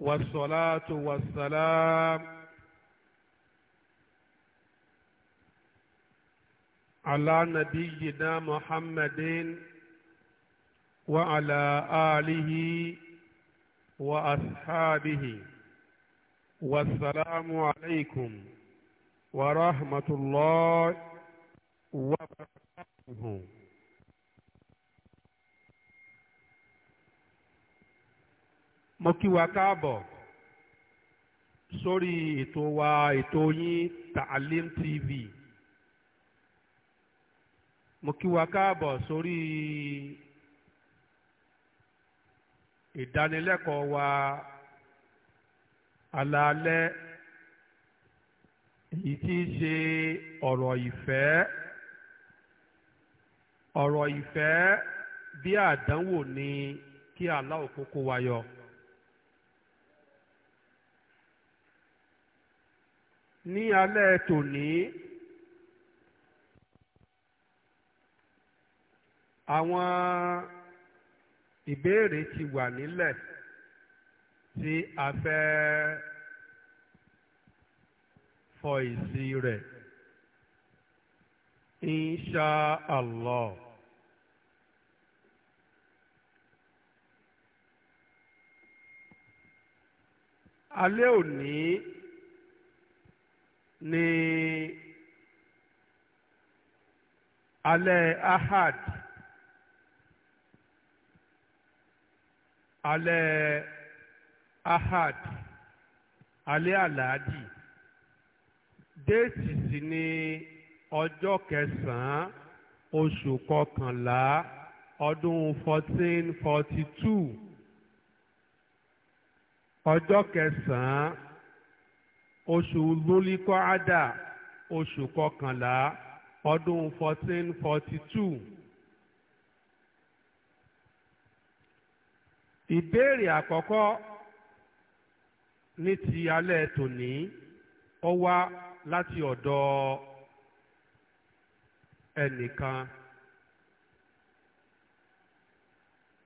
والصلاة والسلام على نبينا محمد وعلى آله وأصحابه والسلام عليكم ورحمة الله وبركاته mo kí wa káàbọ̀ sórí ètò wa ètò yín Taalim TV mo kí wa káàbọ̀ sórí ìdánilẹ́kọ̀ọ́ wa alaalẹ́ èyí tí í ṣe ọ̀rọ̀ ìfẹ́ ọ̀rọ̀ ìfẹ́ bí àdánwò ni kí Allah kókó wa yọ. ní alẹ́ tòní àwọn ìbéèrè ti wà nílẹ̀ tí a fẹ́ fọ èsì rẹ̀ insha allah. alẹ́ òní. ní alẹ́ ahad alẹ́ ahad alẹ́ aládì déètì sì ni ọjọ́ kẹsàn-án oṣù kọkànlá ọdún fourteen forty two ọjọ́ kẹsàn-án oṣù lólikọ́ ádà oṣù kọkànlá ọdún fourteen forty two. ìbéèrè àkọ́kọ́ ní ti alẹ́ tòní ó wá láti ọ̀dọ̀ ẹnìkan.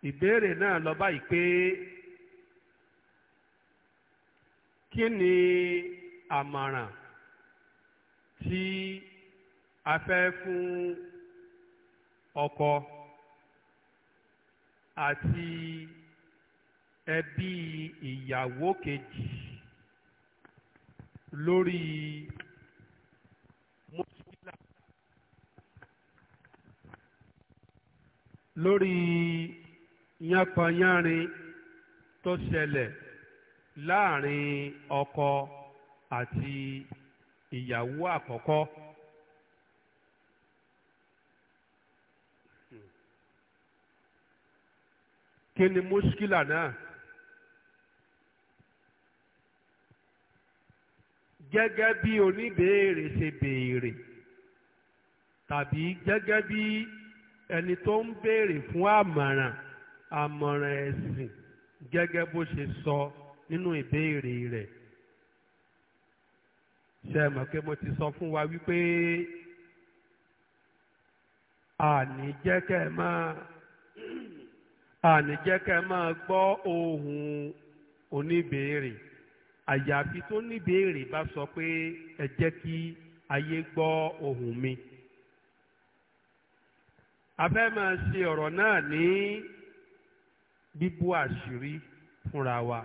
ìbéèrè náà lọ báyìí pé kí ni. àmọ̀ràn tí a fẹ́ fún ọkọ àti ẹbí ìyàwó kejì lórí mọ́sílá lórí yánpọnyánrin tó ṣẹlẹ̀ láàrin ọkọ àti ìyàwó àkọ́kọ́. kí ni muskila náà gẹ́gẹ́ bí oníbèèrè ṣe béèrè tàbí gẹ́gẹ́ bí ẹni tó ń béèrè fún àmọ̀ràn àmọ̀ràn ẹ̀sìn gẹ́gẹ́ bó ṣe sọ nínú ìbéèrè rẹ̀ ṣe é mọ̀ pé mo ti sọ fún wa wípé àní jẹ́ kẹ́ ẹ máa àní jẹ́ kẹ́ ẹ máa gbọ́ ohùn oníbèérè àyàfi tó níbèérè bá sọ pé ẹ jẹ́ kí ayé gbọ́ ohùn mi. a fẹ́ máa ṣe ọ̀rọ̀ náà ní bíbú àṣírí fúnra wa.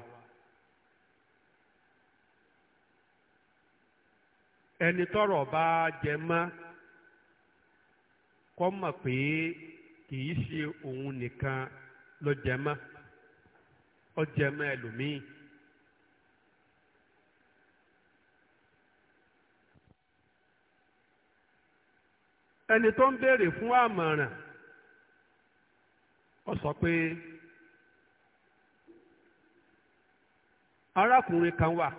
ẹni tọrọ bá jẹ mọ́ kó pé kì í ṣe òun nìkan ló jẹ ọ ó jẹ mọ́ ẹlòmíì. ẹni tó ń béèrè fún àmọ̀ràn ọ sọ pé arákùnrin kan wà.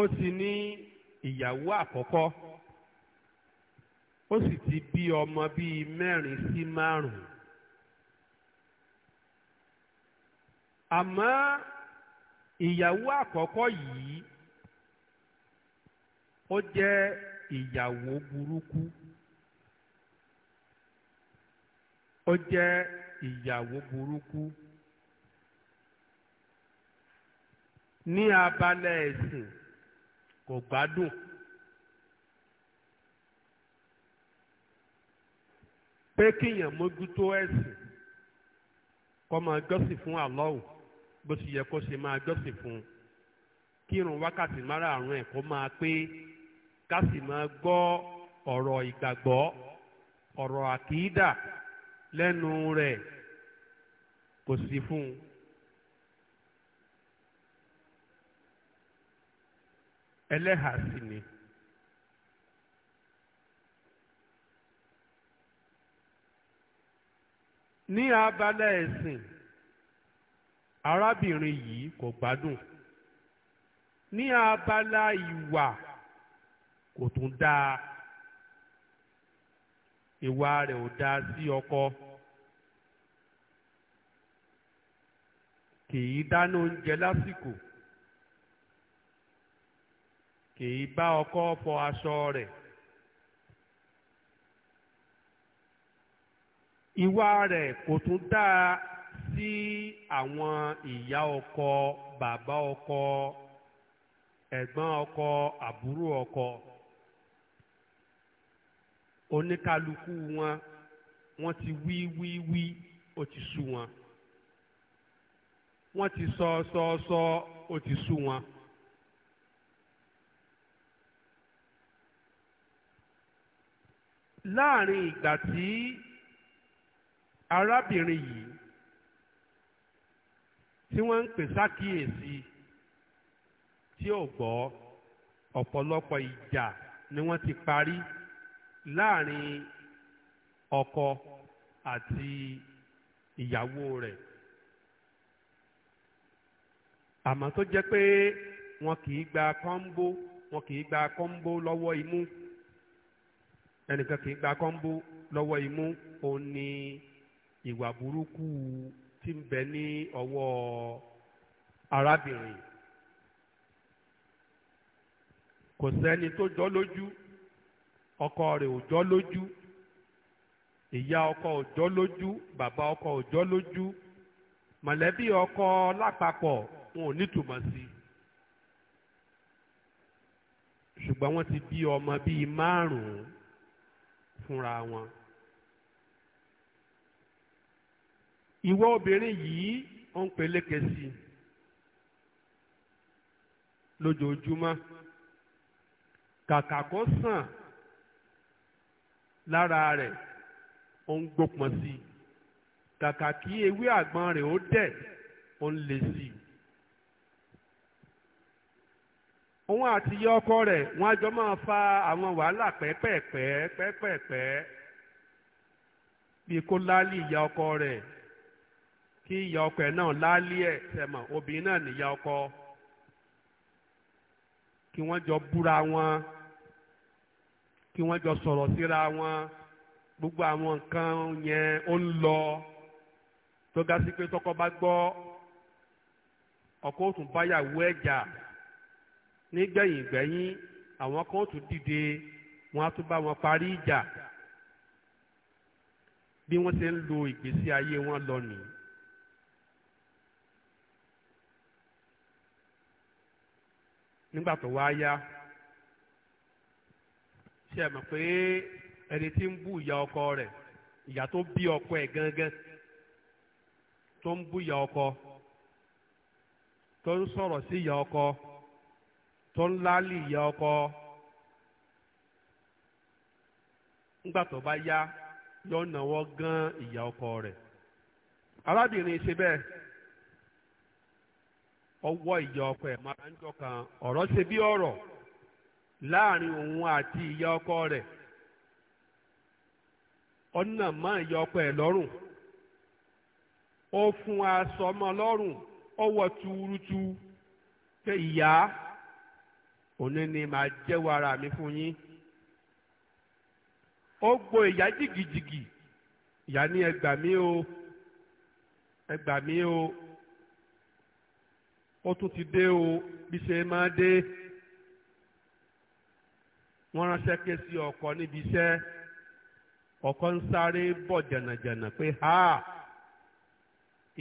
ó ti ní ìyàwó àkọ́kọ́ ó sì ti bí ọmọ bíi mẹ́rin sí márùn-ún àmọ́ ìyàwó àkọ́kọ́ yìí ó jẹ́ ìyàwó burúkú ó jẹ́ ìyàwó burúkú ní abalẹ̀ ẹ̀sìn. kò gbádùn. pé kéèyàn mójútó ẹ̀sìn kó máa fún Allahu bó ti yẹ kó ṣe máa fún un kírun wákàtí márààrún ẹ̀ kó máa pé ká sì máa gbọ́ ọ̀rọ̀ ìgbàgbọ́ ọ̀rọ̀ àkìídà lẹ́nu rẹ̀ kò sí fún un. ẹlẹ́hà ni. ní abala ẹ̀sìn arábìnrin yìí kò gbádùn ní abala ìwà kò tún dáa ìwà rẹ̀ ò dáa sí ọkọ kì í dáná oúnjẹ lásìkò kì í bá ọkọ fọ aṣọ rẹ̀ ìwà rẹ̀ kò tún dáa sí àwọn ìyá ọkọ bàbá ọkọ ẹ̀gbọ́n ọkọ àbúrò ọkọ oníkálukú wọn wọ́n ti wí wí wí ó ti sú wọn wọ́n ti sọ sọ sọ ó ti sú wọn. láàrin ìgbà tí arábìnrin yìí tí wọ́n ń pè sákìyèsí tí ò gbọ́ ọ̀pọ̀lọpọ̀ ìjà ni wọ́n ti parí láàrin ọkọ àti ìyàwó rẹ̀ àmọ́ tó jẹ́ pé wọn kì í gba kọ́ńbó wọn kì í gba kọ́ńbó lọ́wọ́ imú ẹnìkan kì í gba kọ́ńbó lọ́wọ́ imú òun ni ìwà burúkú ti ń bẹ ní ọwọ́ arábìnrin kò sẹ́ni tó jọ lójú ọkọ rẹ̀ ò jọ lójú ìyá ọkọ ò jọ lójú bàbá ọkọ ò jọ lójú mọ̀lẹ́bí ọkọ lápapọ̀ wọn ò nítumọ̀ sí ṣùgbọ́n wọ́n ti bí ọmọ bíi márùn-ún fúnra wọn. ìwọ obìnrin yìí ó ń peléke sí i lójoojúmọ́ kàkà kó sàn lára rẹ̀ ó ń gbópọn sí kàkà kí ewé àgbọn rẹ̀ ó dẹ̀ ó ń le sí i. òun àti iye ọkọ rẹ̀ wọ́n á jọ máa fa àwọn wàhálà pẹ́pẹ́pẹ́ pẹ́pẹ́pẹ́ bí kó láálí ìyá ọkọ rẹ̀ kí ìyá ọkọ ẹ̀ náà láálí ẹ̀ tẹ̀mọ̀ obìnrin náà níyá ọkọ kí wọ́n jọ búra wọn kí wọ́n jọ sọ̀rọ̀ síra wọn gbogbo àwọn nǹkan yẹn ó ń lọ tó ga sí pé tọkọ bá gbọ́ ọkọ ó báyàwó ẹ̀ nígbẹ̀yìn gbẹ̀yìn àwọn kan tún dìde wọn á tún bá wọn parí ìjà bí wọ́n ṣe ń lo ìgbésí ayé wọn lọ nìyí. nígbà tó wá yá ṣe é mọ̀ pé ẹni tí ń bú ìyá ọkọ rẹ̀ ìyá tó bí ọkọ ẹ̀ gangan tó ń bú ìyá ọkọ tó ń sọ̀rọ̀ sí ìyá ọkọ. tó ń láálì ìyá ọkọ ńgbà tó bá yá yọ náwó gan ìyá ọkọ rẹ̀ arábìnrin ṣe bẹ́ẹ̀ ọwọ́ ìyá ọkọ ẹ̀ máa ń jọkàn ọ̀rọ̀ ṣe bí ọrọ láàrin òun àti ìyá ọkọ ọ ọ̀nà maa ìyá ọkọ ẹ̀ lọ́rùn ó fún aṣọ ọmọ lọ́rùn tuurutu òní ni màá jẹ́wọ́ ara mi fún yín ó gbo ìyá jìgìjìgì ìyá ní o o ó tún ti o bí ṣe máa dé wọ́n ránṣẹ́ ké sí ọkọ níbi iṣẹ́ ọkọ ń sáré bọ̀ jànàjànà pé ha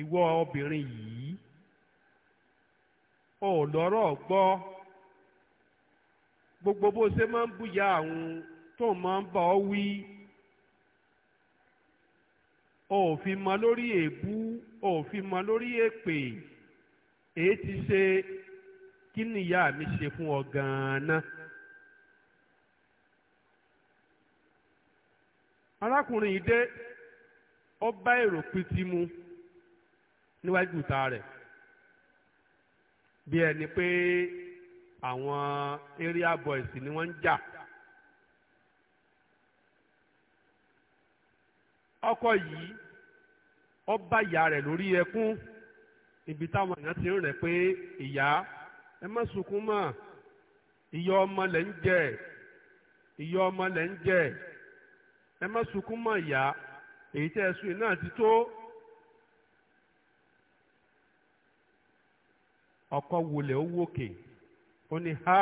ìwọ obìnrin yìí ò lọ́rọ̀ gbọ́. gbogbo bó ṣe máa ń búya àwọn tó máa ń bọ̀ ọ́ wí òfin mọ lórí èébú òfin mọ lórí èpè èé ti ṣe kí nìyá mi ṣe fún ọ gan-an. arákùnrin yìí dé ó bá èrò pitì mu níwájú ìta rẹ̀ bí ẹni pé. àwọn area boys ni wọ́n ń jà. ọkọ yìí ọ bá ìyá rẹ̀ lórí ẹkún ibi táwọn èèyàn ti ń rẹ̀ pé ìyá ẹ má sunkún mọ́ ìyá ọmọ lẹ̀ ń jẹ ìyá ọmọ lẹ̀ ń jẹ ẹ má sunkún mọ́ ìyá èyí tẹ́ ẹ sùn náà ti tó. ọkọ wulẹ̀ ó wòkè. ó ní ha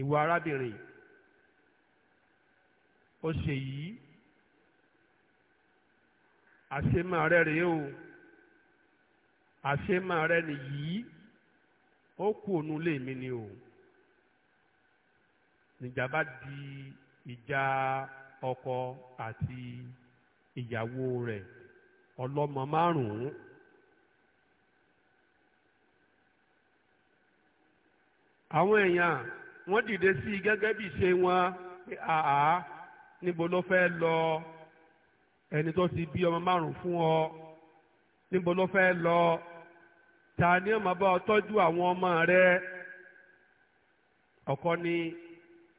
ìwọ arábìnrin ó ṣe yìí àṣemọ rẹ rèé o àṣemọ rẹ nìyí ó kú ònú lé mi ni o níjà bá di ìjà ọkọ àti ìyàwó rẹ̀ ọlọ́mọ márùnún. àwọn èèyàn wọ́n dìde sí i gẹ́gẹ́ bí ṣe wọn pé àá níbo ló fẹ́ lọ ẹni tó ti bí ọmọ márùn fún ọ níbo ló fẹ́ lọ ta ni ó máa bá ọ tọ́jú àwọn ọmọ rẹ ọkọ ní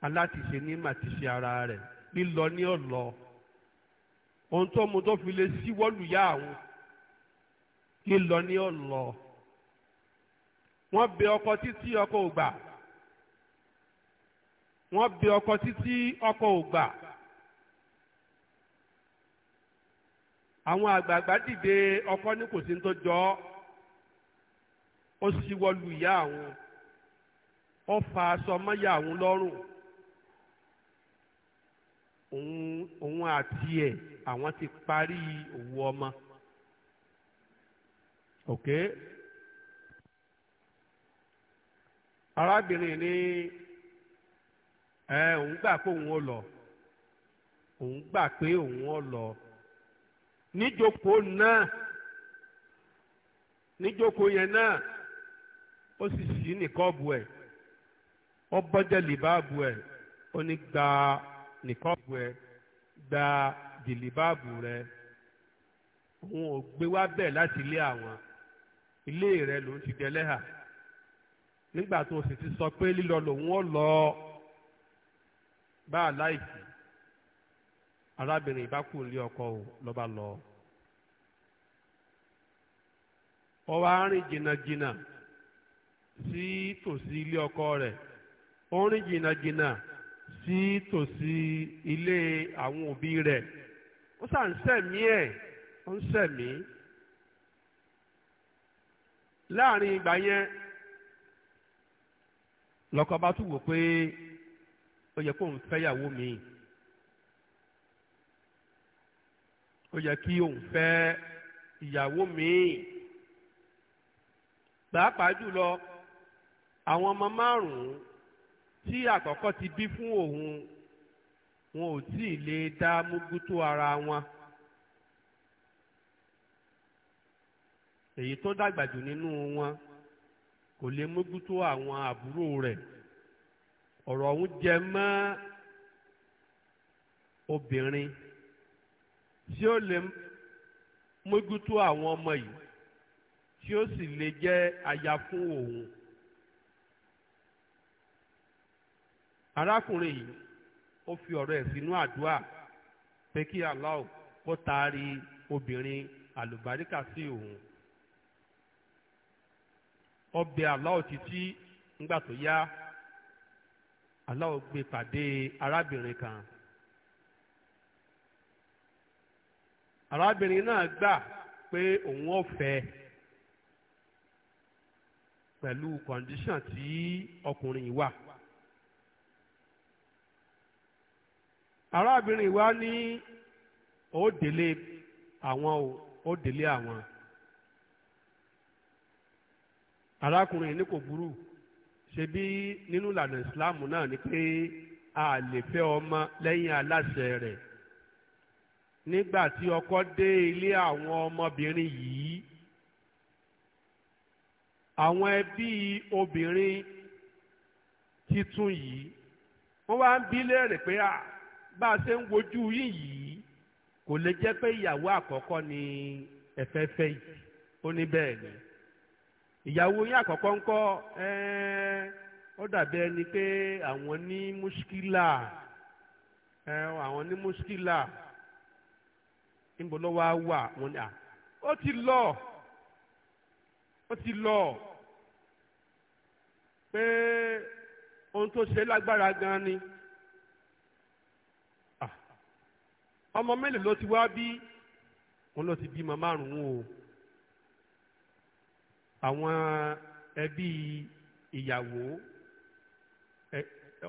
alátiṣe ní màtiṣe ara rẹ lílọ ní ọlọ ohun tó mu tó fi lè síwọ́lù àwọn lílọ ní ọlọ wọ́n bẹ ọkọ títí ọkọ ò gbà wọ́n bẹ ọkọ títí ọkọ ò gbà àwọn àgbààgbà dìde ọkọ ní kò sí ní tó jọ ọ́ ó ṣíwọ́ lu ìyá àwọn ó fa aṣọ mọ́yà àwọn lọ́rùn òun òun àti ẹ̀ àwọn ti parí òwú ọmọ. Okay? arábìnrin ní ẹ eh, òun gbà pé òun ò lọ òun gbà pé òun ò lọ níjókòó náà níjókòó yẹn náà ó sì sí nìkọ́ọ̀bù ẹ̀ ó bọ́jẹ́ lìbáàbù ẹ̀ ó ní gba nìkọ́ọ̀bù ẹ̀ gba dìlìbáàbù rẹ̀ òun ò gbé wá bẹ̀ láti ilé àwọn ilé rẹ̀ ló ti dẹlẹ́hà. nígbà tó sì ti sọ pé lílọ lòun ó lọ bá a láìsí arábìnrin ìbá kù nílé ọkọ ò lọ́ba lọ. Ọ wá rìn jìnnàjìnnà sí tòsí ilé ọkọ rẹ̀ ó rìn jìnnàjìnnà sí tòsí ilé àwọn òbí rẹ̀ ó sà ń sẹ̀mí ẹ̀ ó ń sẹ̀mí. láàrin ìgbà yẹn lọ́kọ bá tún wò pé ó yẹ kóun fẹ́yàwó míì ó yẹ kí òun fẹ́ ìyàwó míì pàápàá jùlọ àwọn ọmọ márùn tí àkọ́kọ́ ti bí fún òun wọn ò tí ì lè dá múgútó ara wọn. èyí tó dàgbà nínú wọn kò lè mójútó àwọn àbúrò rẹ̀ ọ̀rọ̀ ọ̀hún jẹ mọ́ obìnrin tí ó lè mójútó àwọn ọmọ yìí tí ó sì lè jẹ́ aya fún òun. arákùnrin yìí ó fi ọ̀rọ̀ ẹ̀ sínú àdúrà pé kí Allah kó taari obìnrin àlùbáríkà sí òun. ọbẹ̀ aláwọ̀ títí ńgbà tó yá aláwọ̀ gbé pàdé arábìnrin kan arábìnrin náà gbà pé òun ò fẹ́ pẹ̀lú kọ̀ǹdíṣàn tí ọkùnrin yìí wà. arábìnrin wa ní ó délé àwọn ó délé àwọn. arákùnrin ní kò burú ṣebí nínú ìlànà ìsìláàmù náà ni pé a lè fẹ́ ọmọ lẹ́yìn aláṣẹ rẹ̀ nígbà tí ọkọ dé ilé àwọn ọmọbìnrin yìí àwọn ẹbí obìnrin titun yìí wọ́n wá ń bí léèrè pé à bá a ṣe ń wojú yín yìí kò lè jẹ́ pé ìyàwó àkọ́kọ́ ni ẹ̀fẹ́fẹ́ yìí ó ní bẹ́ẹ̀ ni ìyàwó yín àkọ́kọ́ ńkọ́ ó dàbí ẹni pé àwọn ní mùṣkílà àwọn ní mùṣkílà níbo ló wá wà wọ́n ní à ó ti lọ ó ti lọ pé ohun tó ṣe lágbára gan ni ọmọ mélòó ló ti wá bí wọn ló ti bímọ márùn o àwọn ẹbí ìyàwó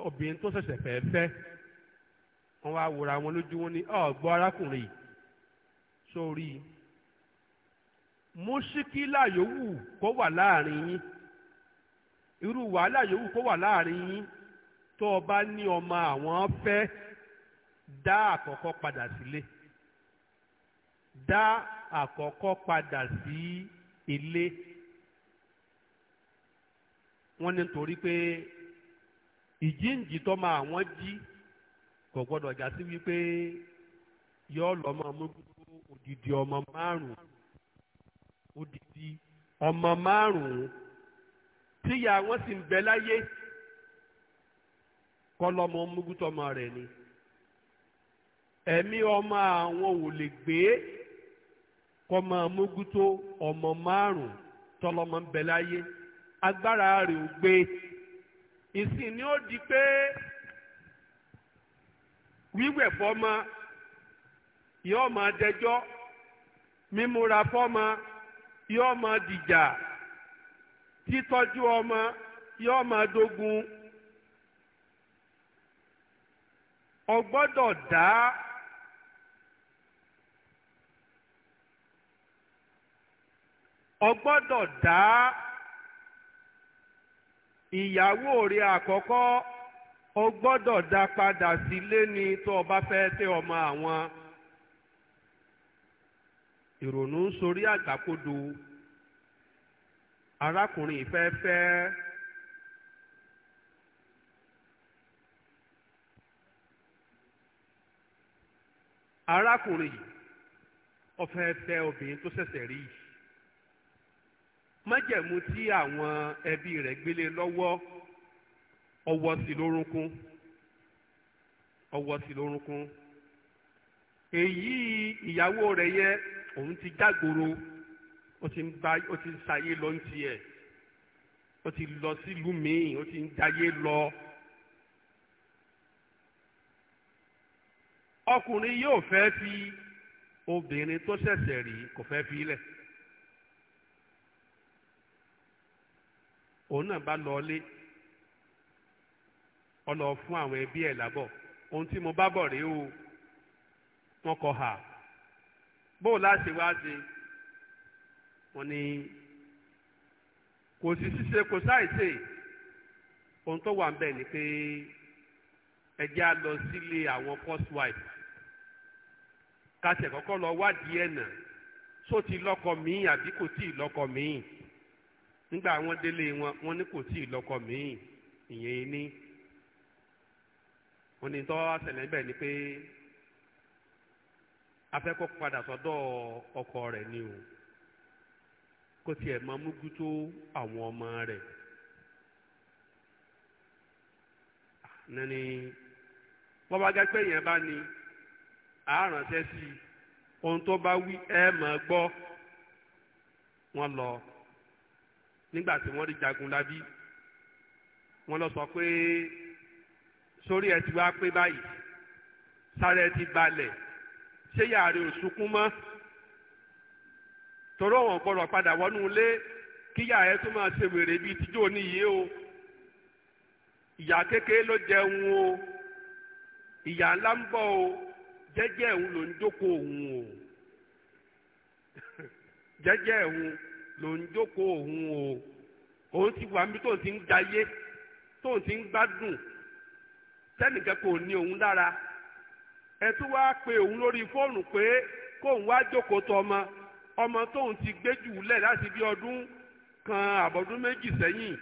obìnrin tó ṣẹ̀ṣẹ̀ fẹ́ fẹ́ wọ́n wá wòra wọn lójú wọn ní ọ̀gbọ́ arákùnrin sórí mọ́ṣíkílà yòówù kó wà láàrin yín irú wàhálà yòówù kó wà láàrin yín tó o bá ní ọmọ àwọn fẹ́ dá àkọ́kọ́ padà sílé dá àkọ́kọ́ padà sí ilé. Si wọ́n ní nítorí pé ìjíǹjì tọ́mọ àwọn jí kò gbọ́dọ̀ já sí wípé yọ lọ́mọ mọ́gbó odidi ọmọ márùn-ún odidi ọmọ márùn-ún tíyà wọn sì ń bẹ láyé kọlọmọ mugutọmọ rẹ ni ẹ̀mí ọmọ àwọn ò lè gbé kọmọ muguto ọmọ márùn tọlọmọ ń bẹ láyé. agbára rẹ̀ ò gbé ìsìn ni ó di pé wíwẹ̀ fọ́mọ yóò máa dẹjọ́ mímúra fọ́mọ yóò máa dìjà títọ́jú ọmọ yóò máa dógun ìyàwó rẹ àkọ́kọ́ o gbọ́dọ̀ dá padà sílé ni tó o bá fẹ́ tẹ ọmọ àwọn ìrònú sórí àgbàkodo arákùnrin ìfẹ́fẹ́ arákùnrin yìí ó obìnrin tó ṣẹ̀ṣẹ̀ rí yìí májẹ̀mú tí àwọn ẹbí rẹ̀ gbélé lọ́wọ́ ọwọ́ sí lórúnkún ọwọ́ sí lórúnkún èyí ìyàwó rẹ̀ yẹ òun ti jágboro ó ti ń bá ó ti ń sayé lọ ń tiẹ̀ ó ti lọ sílùú míì ó ti ń dayé lọ. ọkùnrin yóò fẹ́ fi obìnrin tó ṣẹ̀ṣẹ̀ rí kò fẹ́ fi lẹ̀. òun náà bá lọlé ọlọ fún àwọn ẹbí ẹ̀ lábọ̀ ohun tí mo bá bọ̀ rèé o wọ́n kọ hà bó o láṣẹ wá ṣe wọ́n ní kò sí ṣíṣe kò sáìsè ohun tó wà ń bẹ̀ ni pé ẹ á lọ sílé àwọn first wife kàṣẹ kọ́kọ́ lọ wádìí ẹ̀ nà só ti lọ́kọ míì àbí kò tíì lọ́kọ míì. nígbà wọn délé wọn wọn ní kò tí ì lọ́kọ míì ìyẹn ní wọn ní tọ́ àṣẹlẹ̀ bẹ́ẹ̀ ni pé padà sọ́dọ̀ ọkọ rẹ̀ ni o kó tiẹ̀ máa múgú tó àwọn ọmọ rẹ̀ nani bọ́bá gẹ́ pé yẹn bá ní àáránṣẹ́ ohun tó bá wí ẹ̀ máa gbọ́ wọn lọ. nígbà tí wọ́n rí Jagunlabi wọ́n lọ sọ pé sórí ẹ ti wá pé báyìí sára ẹ ti balẹ̀ ṣé yàrá ò sunkún mọ́ torí àwọn gbọ́dọ̀ padà wọnú ilé kí yàrá ẹ tó máa ṣe wèrè bíi tíjọ́ níyì o ìyá kékeré ló jẹun o ìyá ńlá ń bọ̀ o jẹ́jẹ́ òun ló ń jókòó òun o jẹ́jẹ́ òun ló ń jókòó òun o òun ti wà níbi tóun ti ń jayé tóun ti ń gbádùn sẹ́nìkan kò ní òun lára ẹ tún wá pe òun lórí fóònù pé kóun wá jókòó tọ ọmọ ọmọ tóun ti gbé jù lẹ̀ láti bí ọdún kan àbọ̀dún méjì sẹ́yìn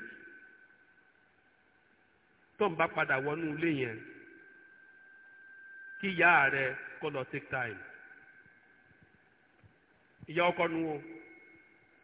tóun bá padà wọnú ilé yẹn kí ìyá rẹ kó lọ take time ìyá ọkọ nu o.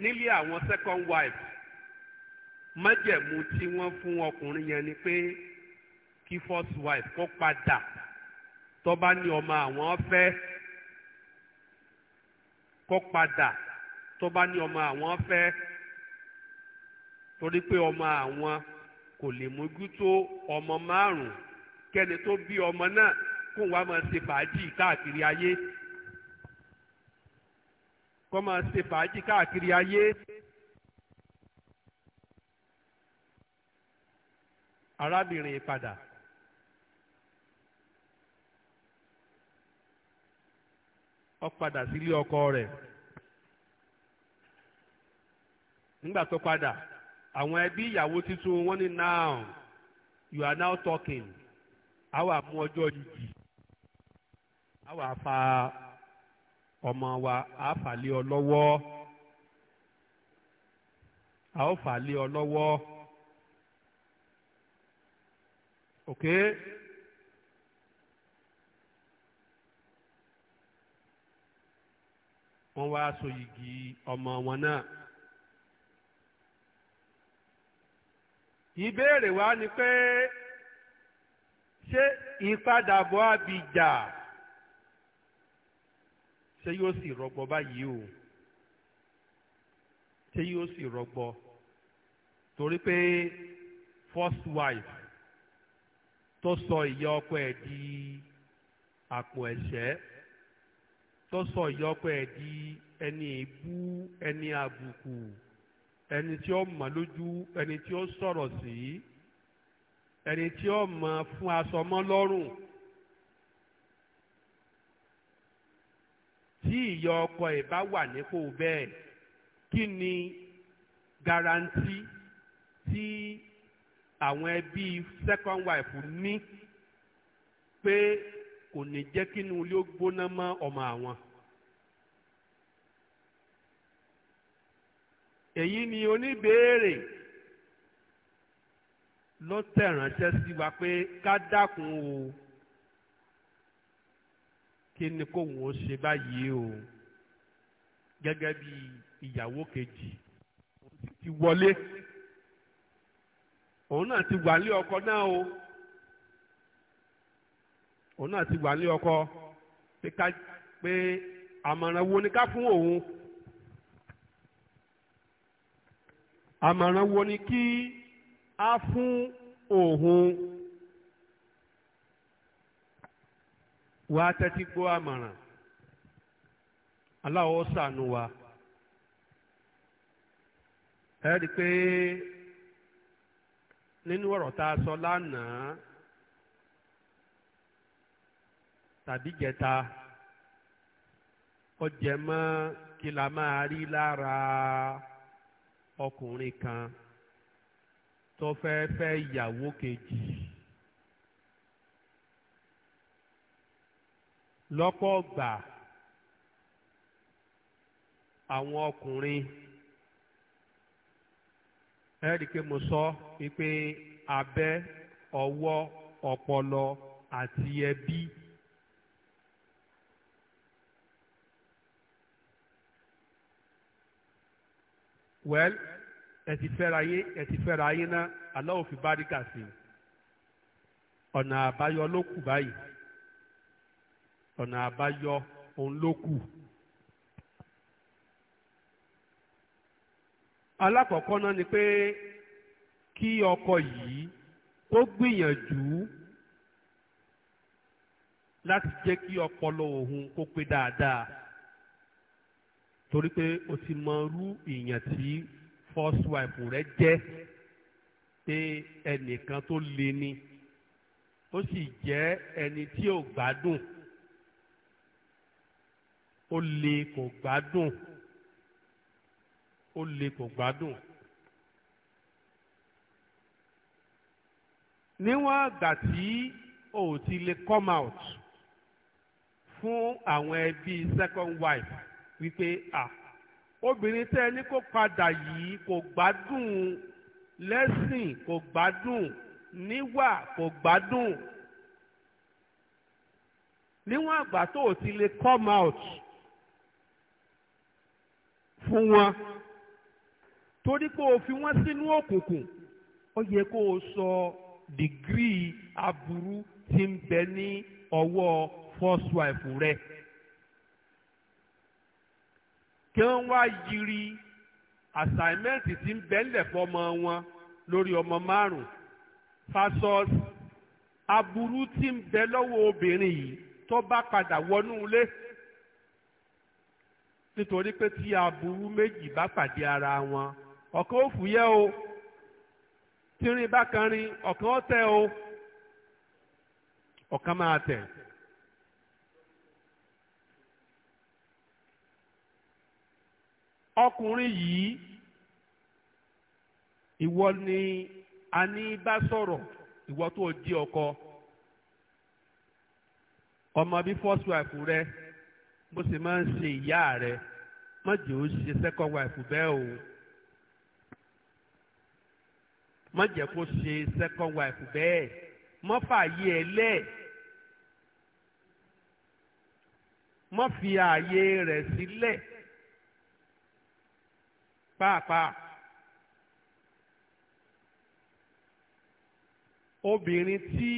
nílé àwọn second wife májẹ̀mú tí wọ́n fún ọkùnrin yẹn ni pé kí first wife kó padà tó bá ní ọmọ àwọn fẹ́ kó padà tó bá ní ọmọ àwọn fẹ́ torí pé ọmọ àwọn kò lè mójútó ọmọ márùn-ún kẹ́ni tó bí ọmọ náà kó wá máa ṣe fàájì káàkiri ayé. kó máa ṣe fàájì káàkiri ayé arábìnrin padà. ó padà sílé ọkọ rẹ nígbà tó padà àwọn ẹbí ìyàwó tuntun wọn ni now you are now talking awa mú ọjọ́ yiji awa fa ọmọ wa á fà lé ọ lọ́wọ́ a ó fà lé ọ lọ́wọ́ ok wọ́n wá so yìgì ọmọ wọn náà. ìbéèrè wa ni pé ṣé ìpadàbọ̀ àbíjà ṣé yóò sì rọgbọ báyìí o ṣé yóò sì rọgbọ torí pé first wife tó sọ ìyá ọkọ ẹ̀ di àpò ẹ̀ṣẹ̀ tó sọ ìyá ọkọ ẹ̀ di ẹni èébú ẹni àbùkù ẹni tí ó mọ̀ lójú ẹni tí ó sọ̀rọ̀ sí ẹni tí ó mọ̀ fún aṣọ mọ́ tí ìyá ọkọ ẹ̀ bá wà nípò bẹ́ẹ̀ kí ni garanti tí àwọn ẹbí second wife ní pé kò ní jẹ́ kí inú ilé ó gbóná mọ́ ọmọ àwọn. èyí ni oníbèèrè ló tẹ̀ sí wa pé ká dákun o kí ni kóun ó ṣe báyìí o gẹ́gẹ́ bí ìyàwó kejì ti wọlé òun náà ti wà ní ọkọ náà o òun náà ti wà ní ọkọ pé àmọ̀ràn wo ni ká fún òun àmọ̀ràn wo ni kí á fún òun. wà á tẹ́tí gbọ́ àmọ̀ràn Allah ó wa ẹ rí i pé nínú ọ̀rọ̀ tá a sọ lánàá tàbí jẹta ó jẹ mọ́ kí la máa rí lára ọkùnrin kan tó fẹ́ fẹ́ ìyàwó kejì. lọ́pọ̀ ọgbà àwọn ọkùnrin ẹ rí i pé mo sọ wípé abẹ́ ọwọ́ ọpọlọ àti ẹbí. well ẹ ti fẹ́ra yín ẹ ti fẹ́ra yín ná aláwọ̀ fi báríkà sí ọ̀nà àbáyọ ló kù báyìí ọ̀nà àbáyọ òun ló kù. alákọ̀ọ́kọ́ náà ni pé kí ọkọ yìí kó gbìyànjú láti jẹ́ kí ọpọlọ òun kó pé dáadáa torí pé o ti mọ irú ìyàn tí first wife rẹ jẹ́ pé ẹnìkan tó le ni ó sì jẹ́ ẹni tí ò gbádùn ó lè kò gbádùn ó lè kò gbádùn. níwọ̀n àgbà tí o ti lè come out fún àwọn ẹbí second wife wípé à obìnrin tẹ́ ẹ ní kó padà yìí kò gbádùn lẹ́sìn kò gbádùn níwà kò gbádùn níwọ̀n àgbà tó o ti lè come out fún wọn torí pé o fi wọ́n sínú òkùnkùn ó yẹ kó o sọ dìgírì aburú tí ń bẹ ní ọwọ́ first wife rẹ kí wọ́n wá yiri assignment tí ń bẹ ńlẹ̀ fọmọ wọn lórí ọmọ márùn fasos aburú tí ń bẹ lọ́wọ́ obìnrin yìí tó bá padà wọnú ilé. nítorí pé tí aburú méjì bá pàdé ara wọn ọ̀kan ó fúyẹ́ o tírin bá kan rin ọ̀kan ó o ọ̀kan máa tẹ̀. ọkùnrin yìí ìwọ ni a ní bá sọ̀rọ̀ ìwọ tó o jí ọkọ ọmọ bíi first wife rẹ. bó ṣe máa ń ṣe ìyá rẹ mọ̀jẹ̀ ó ṣe second wife bẹ́ẹ̀ o mọ̀jẹ̀ kó ṣe second wife bẹ́ẹ̀ mọ́fà yí ẹ lẹ́ẹ̀ mọ́ fi ààyè rẹ̀ sílẹ̀ pàápàá obìnrin tí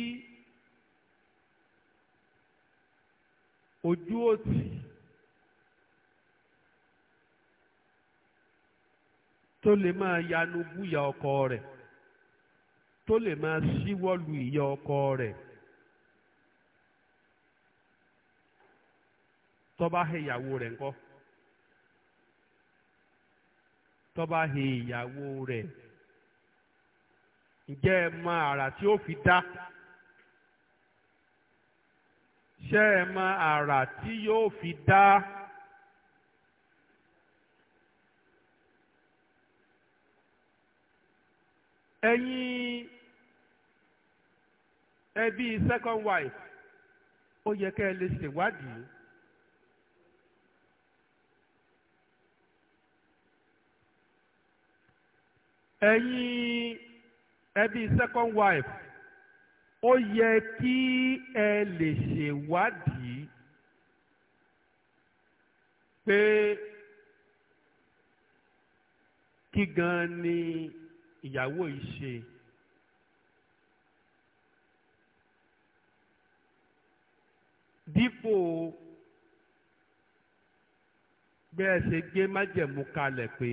ojú òtí. tó lè máa yanu búya ọkọ rẹ̀ tó lè máa síwọ́lu ìyá ọkọ rẹ̀ tọba bá he ìyàwó rẹ̀ ńkọ́ tó bá he ìyàwó rẹ̀ ǹjẹ́ ẹ mọ àrà tí ó fi dá ṣé ẹ mọ àrà tí yóò fi dá. ẹ̀yin ẹbí second wife ó yẹ kẹ́ ẹ lè ṣèwádìí ẹ̀yin ẹbí second wife ó yẹ kí ẹ lè ṣèwádìí pé kí gan ni ìyàwó yìí ṣe dípò bí ẹ ṣe gbé májẹ̀mú kalẹ̀ pé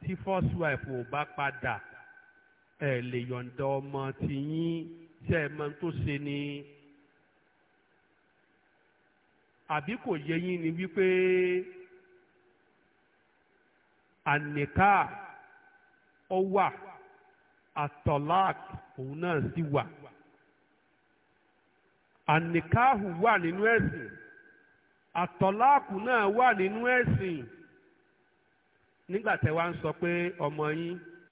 tí first wife ò bá padà ẹ lè yọ̀ǹda ọmọ tìyín tí ẹ mọ tó ṣe ni àbí kò yẹ yín ni wípé àníkà. ó wà atọ́lák òun náà sì wà àníkáhù wà nínú ẹ̀sìn àtọ́láàkù náà wà nínú ẹ̀sìn nígbà tẹ́ wá ń sọ pé ọmọ yín